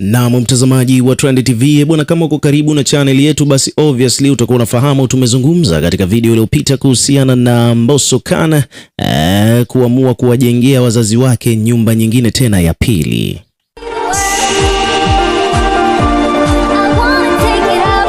Naam, mtazamaji wa Trend TV bwana, kama uko karibu na channel yetu, basi obviously utakuwa unafahamu tumezungumza katika video iliyopita kuhusiana na Mbosso Khan eh, kuamua kuwajengea wazazi wake nyumba nyingine tena ya pili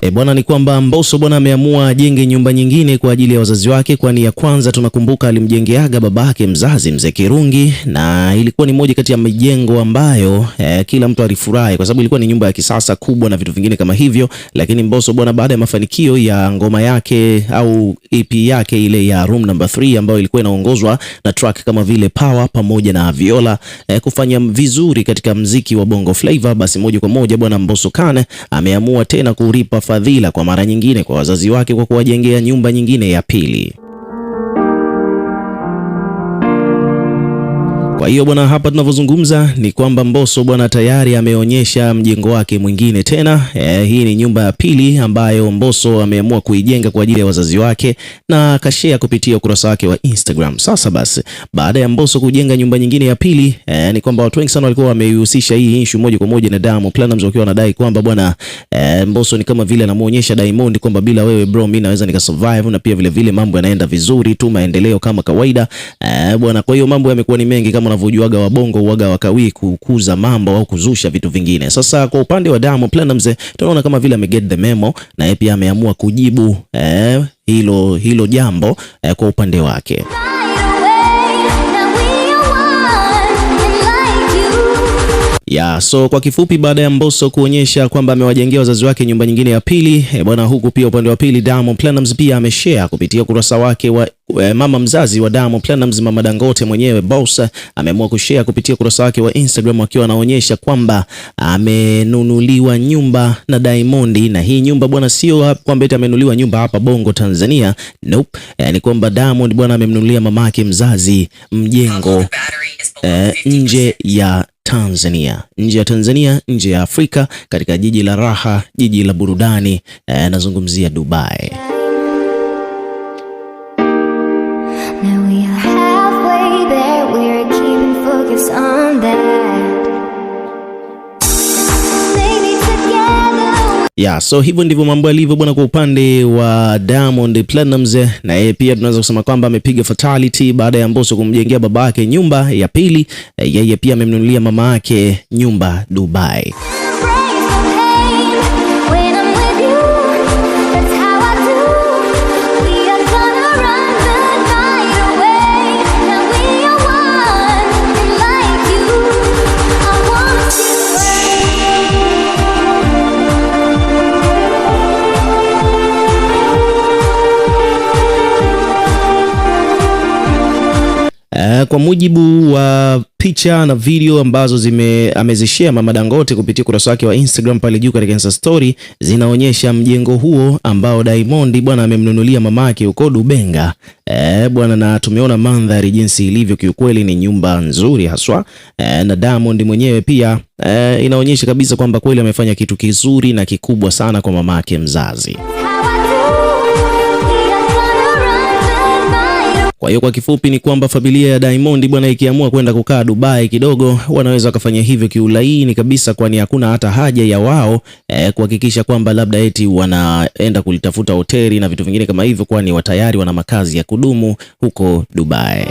E bwana, ni kwamba Mbosso bwana ameamua ajenge nyumba nyingine kwa ajili ya wazazi wake, kwani ya kwanza tunakumbuka alimjengeaga babake mzazi mzee Kirungi, na ilikuwa ni moja kati ya mijengo ambayo eh, kila mtu alifurahi kwa sababu ilikuwa ni nyumba ya kisasa kubwa na vitu vingine kama hivyo. Lakini Mbosso bwana, baada ya mafanikio ya ngoma yake au EP yake ile ya Room Number 3 ambayo ilikuwa inaongozwa na track kama vile Power pamoja na Viola eh, kufanya vizuri katika mziki wa Bongo Flava, basi moja kwa moja bwana Mbosso Kane ameamua tena kuripa fadhila kwa mara nyingine kwa wazazi wake kwa kuwajengea nyumba nyingine ya pili. Kwa hiyo bwana, hapa tunavyozungumza ni kwamba Mbosso bwana tayari ameonyesha mjengo wake mwingine tena. E, hii ni nyumba ya pili ambayo Mbosso ameamua kuijenga kwa ajili ya wazazi wake na akashare kupitia ukurasa wake wa Instagram. Sasa basi, baada ya Mbosso kujenga nyumba nyingine ya pili e, ni kwamba watu wengi sana walikuwa wameihusisha hii issue moja kwa moja na Diamond Platnumz, wakiwa wanadai kwamba bwana e, Mbosso ni kama vile anamuonyesha Diamond kwamba bila wewe bro mimi naweza nikasurvive, na pia vile vile mambo yanaenda vizuri tu, maendeleo kama kawaida e, bwana. Kwa hiyo mambo yamekuwa ni mengi kama unavyojuaga wabongo huaga wakawii kukuza mambo au kuzusha vitu vingine. Sasa kwa upande wa Diamond Platnumz tunaona kama vile ameget the memo na yeye pia ameamua kujibu eh, hilo, hilo jambo eh, kwa upande wake. ya so kwa kifupi, baada ya Mbosso kuonyesha kwamba amewajengea wazazi wake nyumba nyingine ya pili e bwana, huku pia upande wa pili Diamond Platnumz pia ameshare kupitia ukurasa wake wa e, mama mzazi wa Diamond Platnumz, mama Dangote mwenyewe Boss ameamua kushare kupitia ukurasa wake wa Instagram akiwa anaonyesha kwamba amenunuliwa nyumba na Diamond, na hii nyumba bwana, sio kwamba eti amenunuliwa nyumba hapa Bongo Tanzania, nope. E, ni kwamba Diamond bwana amemnunulia mamake mzazi mjengo e, nje ya Tanzania, nje ya Tanzania, nje ya Afrika, katika jiji la raha, jiji la burudani, eh, nazungumzia Dubai. Yeah, so hivyo ndivyo mambo yalivyo bwana, kwa upande wa Diamond Platnumz. Na yeye pia tunaweza kusema kwamba amepiga fatality baada ya Mbosso kumjengea baba yake nyumba ya pili, eh, yeye pia amemnunulia mama yake nyumba Dubai. kwa mujibu wa picha na video ambazo zime amezishare Mama Dangote kupitia ukurasa wake wa Instagram pale juu katika Insta story, zinaonyesha mjengo huo ambao Diamond bwana amemnunulia mama yake huko Dubenga. E, bwana na tumeona mandhari jinsi ilivyo, kiukweli ni nyumba nzuri haswa. E, na Diamond mwenyewe pia e, inaonyesha kabisa kwamba kweli amefanya kitu kizuri na kikubwa sana kwa mama yake mzazi. hiyo kwa kifupi ni kwamba familia ya Diamond bwana, ikiamua kwenda kukaa Dubai kidogo, wanaweza wakafanya hivyo kiulaini kabisa, kwani hakuna hata haja ya wao eh, kuhakikisha kwamba labda eti wanaenda kulitafuta hoteli na vitu vingine kama hivyo, kwani watayari wana makazi ya kudumu huko Dubai.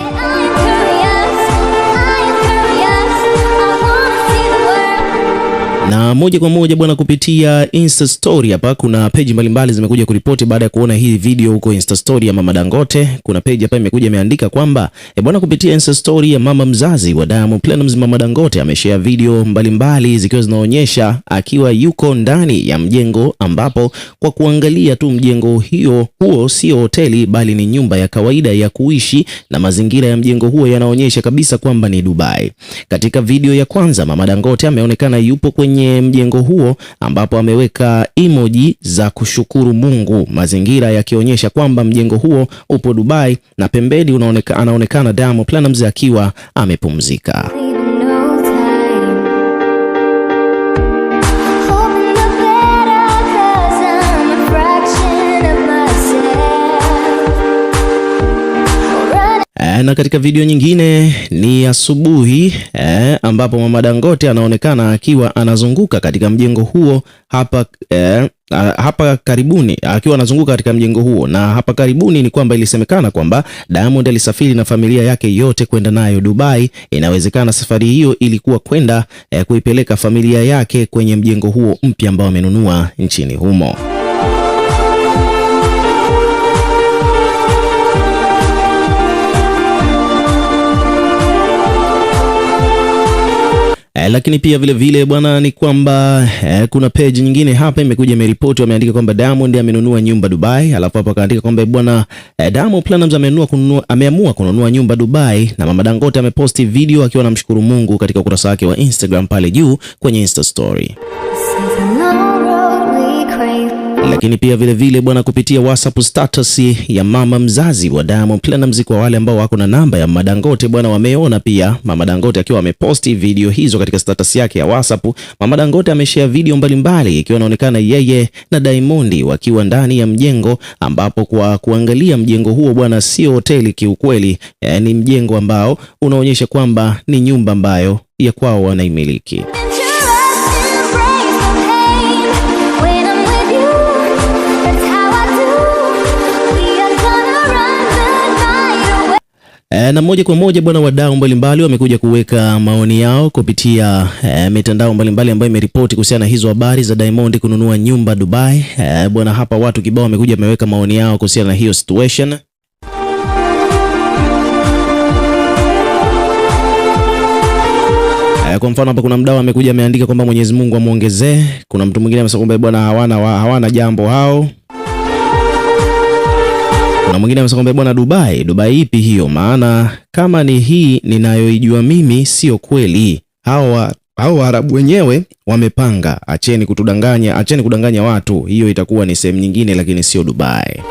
na moja kwa moja bwana, kupitia Insta story hapa, kuna peji mbalimbali zimekuja kuripoti baada ya kuona hii video huko Insta story ya mama Dangote. Kuna peji hapa imekuja imeandika kwamba e bwana, kupitia Insta story ya mama mzazi wa Diamond Platnumz, mama Dangote ameshare video mbalimbali zikiwa zinaonyesha akiwa yuko ndani ya mjengo ambapo kwa kuangalia tu mjengo hiyo huo sio hoteli bali ni nyumba ya kawaida ya kuishi na mazingira ya mjengo huo yanaonyesha kabisa kwamba ni Dubai. Katika video ya kwanza mama Dangote ameonekana yupo kwenye kwenye mjengo huo ambapo ameweka emoji za kushukuru Mungu, mazingira yakionyesha kwamba mjengo huo upo Dubai na pembeni anaonekana Diamond Platnumz akiwa amepumzika. Eh, na katika video nyingine ni asubuhi e, ambapo Mama Dangote anaonekana akiwa anazunguka katika mjengo huo hapa e, hapa karibuni akiwa anazunguka katika mjengo huo, na hapa karibuni ni kwamba ilisemekana kwamba Diamond alisafiri na familia yake yote kwenda nayo Dubai. Inawezekana safari hiyo ilikuwa kwenda e, kuipeleka familia yake kwenye mjengo huo mpya ambao amenunua nchini humo. Eh, lakini pia vile vile bwana ni kwamba eh, kuna page nyingine hapa imekuja imeripoti, wameandika kwamba Diamond amenunua nyumba Dubai, alafu hapa akaandika kwamba bwana eh, Diamond Platinumz amenunua kununua ameamua kununua nyumba Dubai, na mama Dangote ameposti video akiwa anamshukuru Mungu katika ukurasa wake wa Instagram pale juu kwenye Insta story. Lakini pia vilevile bwana, kupitia WhatsApp status ya mama mzazi wa Diamond Platnumz kwa wale ambao wako na namba ya mama Dangote bwana, wameona pia mama Dangote akiwa ameposti video hizo katika status yake ya WhatsApp. Mama Dangote ameshare video mbalimbali ikiwa inaonekana yeye na Diamond wakiwa ndani ya mjengo, ambapo kwa kuangalia mjengo huo bwana, sio hoteli kiukweli, eh, ni mjengo ambao unaonyesha kwamba ni nyumba ambayo ya kwao wanaimiliki. E, na moja kwa moja bwana, wadau mbalimbali wamekuja kuweka maoni yao kupitia e, mitandao mbalimbali ambayo imeripoti kuhusiana na hizo habari za Diamond kununua nyumba Dubai. E, bwana, hapa watu kibao wamekuja wameweka maoni yao kuhusiana na hiyo situation. Kwa mfano hapa kuna mdau amekuja ameandika kwamba Mwenyezi Mungu amwongezee. Kuna mtu mwingine amesema kwamba bwana, hawana hawana jambo hao kuna mwingine amesema kwamba bwana, Dubai, Dubai ipi hiyo? Maana kama ni hii ninayoijua mimi sio kweli. Hawa hao Waarabu wenyewe wamepanga. Acheni kutudanganya, acheni kudanganya watu. Hiyo itakuwa ni sehemu nyingine, lakini sio Dubai.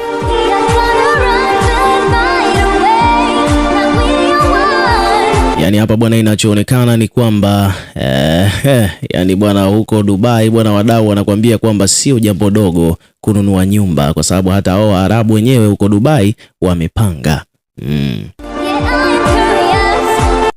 Yani hapa bwana, inachoonekana ni kwamba eh, eh, yani bwana, huko Dubai bwana, wadau wanakuambia kwamba sio jambo dogo kununua nyumba, kwa sababu hata hao Waarabu wenyewe huko Dubai wamepanga mm.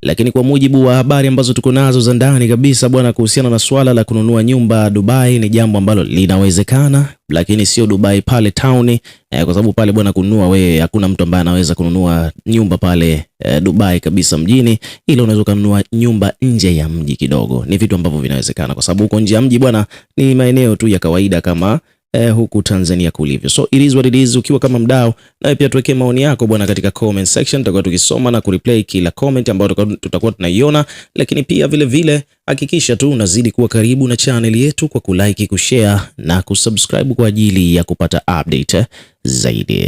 Lakini kwa mujibu wa habari ambazo tuko nazo za ndani kabisa bwana, kuhusiana na swala la kununua nyumba Dubai ni jambo ambalo linawezekana, lakini sio Dubai pale town eh, kwa sababu pale bwana, kununua wewe, hakuna mtu ambaye anaweza kununua nyumba pale eh, Dubai kabisa mjini, ila unaweza kununua nyumba nje ya mji kidogo. Ni vitu ambavyo vinawezekana, kwa sababu huko nje ya mji bwana, ni maeneo tu ya kawaida kama eh, huku Tanzania kulivyo. So it is what it is. Ukiwa kama mdau, nawe pia tuwekee maoni yako bwana katika comment section, tutakuwa tukisoma na kureplay kila comment ambayo tutakuwa tunaiona, lakini pia vile vile hakikisha tu unazidi kuwa karibu na channel yetu kwa kulike, kushare na kusubscribe kwa ajili ya kupata update zaidi.